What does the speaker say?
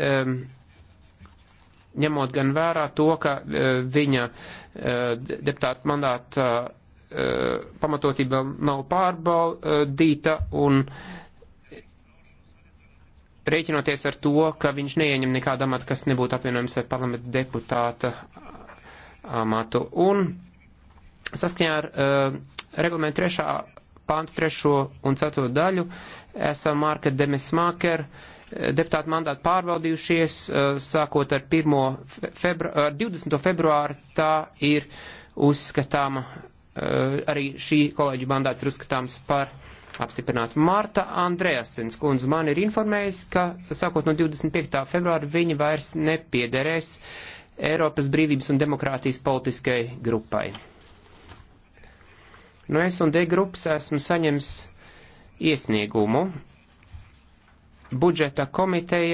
um, ņemot gan vērā to, ka uh, viņa uh, deputāta mandāta uh, pamatotība nav pārbaudīta un rēķinoties ar to, ka viņš neieņem nekādu amatu, kas nebūtu apvienojams ar parlamenta deputāta amatu. Un saskaņā ar uh, reglamentu trešā pāntu trešo un ceturto daļu. Esam Marka Demesmaker eh, deputātu mandātu pārbaudījušies, eh, sākot ar, febru, ar 20. februāru, tā ir uzskatāma, eh, arī šī kolēģa mandāts ir uzskatāms par apstiprinātu. Marta Andreasens kundze man ir informējis, ka sākot no 25. februāra viņa vairs nepiederēs Eiropas brīvības un demokrātijas politiskai grupai. No nu, S&D grupas esmu saņems iesniegumu budžeta komiteja